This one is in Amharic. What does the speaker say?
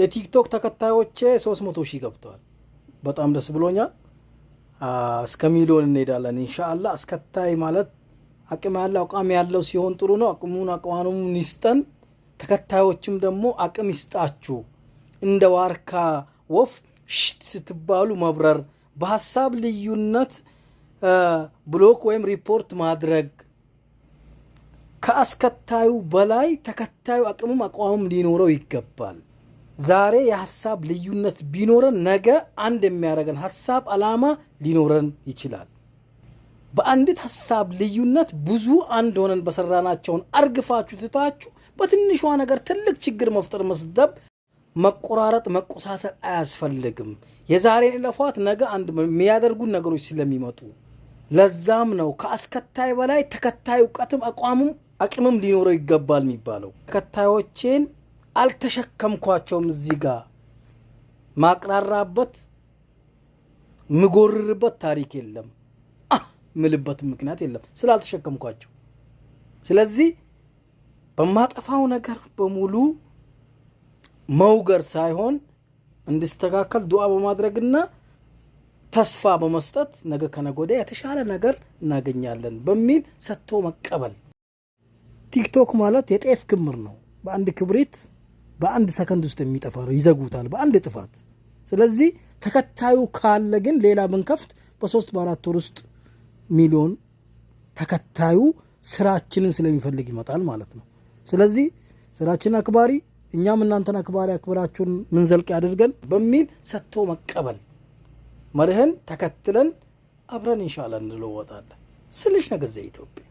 የቲክቶክ ተከታዮቼ 300 ሺህ ገብተዋል። በጣም ደስ ብሎኛል። እስከ ሚሊዮን እንሄዳለን ኢንሻአላ። አስከታይ ማለት አቅም ያለው አቋም ያለው ሲሆን ጥሩ ነው። አቅሙን አቋኑን ይስጠን። ተከታዮችም ደግሞ አቅም ይስጣችሁ። እንደ ዋርካ ወፍ ሽት ስትባሉ መብረር፣ በሀሳብ ልዩነት ብሎክ ወይም ሪፖርት ማድረግ ከአስከታዩ በላይ ተከታዩ አቅምም አቋምም ሊኖረው ይገባል። ዛሬ የሀሳብ ልዩነት ቢኖረን ነገ አንድ የሚያደርገን ሀሳብ ዓላማ ሊኖረን ይችላል። በአንዲት ሀሳብ ልዩነት ብዙ አንድ ሆነን በሰራናቸውን አርግፋችሁ ትታችሁ በትንሿ ነገር ትልቅ ችግር መፍጠር፣ መስደብ፣ መቆራረጥ፣ መቆሳሰር አያስፈልግም። የዛሬን እለፏት ነገ አንድ የሚያደርጉን ነገሮች ስለሚመጡ ለዛም ነው ከአስከታይ በላይ ተከታይ እውቀትም አቋምም አቅምም ሊኖረው ይገባል የሚባለው። ተከታዮቼን አልተሸከምኳቸውም። እዚህ ጋር ማቅራራበት ምጎርርበት ታሪክ የለም፣ ምልበት ምክንያት የለም፣ ስላልተሸከምኳቸው። ስለዚህ በማጠፋው ነገር በሙሉ መውገር ሳይሆን እንዲስተካከል ዱዓ በማድረግና ተስፋ በመስጠት ነገ ከነገ ወዲያ የተሻለ ነገር እናገኛለን በሚል ሰጥቶ መቀበል። ቲክቶክ ማለት የጤፍ ክምር ነው። በአንድ ክብሪት በአንድ ሰከንድ ውስጥ የሚጠፋ ነው። ይዘጉታል በአንድ ጥፋት። ስለዚህ ተከታዩ ካለ ግን ሌላ ብንከፍት በሶስት በአራት ወር ውስጥ ሚሊዮን ተከታዩ ስራችንን ስለሚፈልግ ይመጣል ማለት ነው። ስለዚህ ስራችን አክባሪ እኛም እናንተን አክባሪ አክብራችሁን ምንዘልቅ ያድርገን በሚል ሰጥቶ መቀበል መርህን ተከትለን አብረን እንሻላ እንለወጣለን ስልሽ ነገዘ ኢትዮጵያ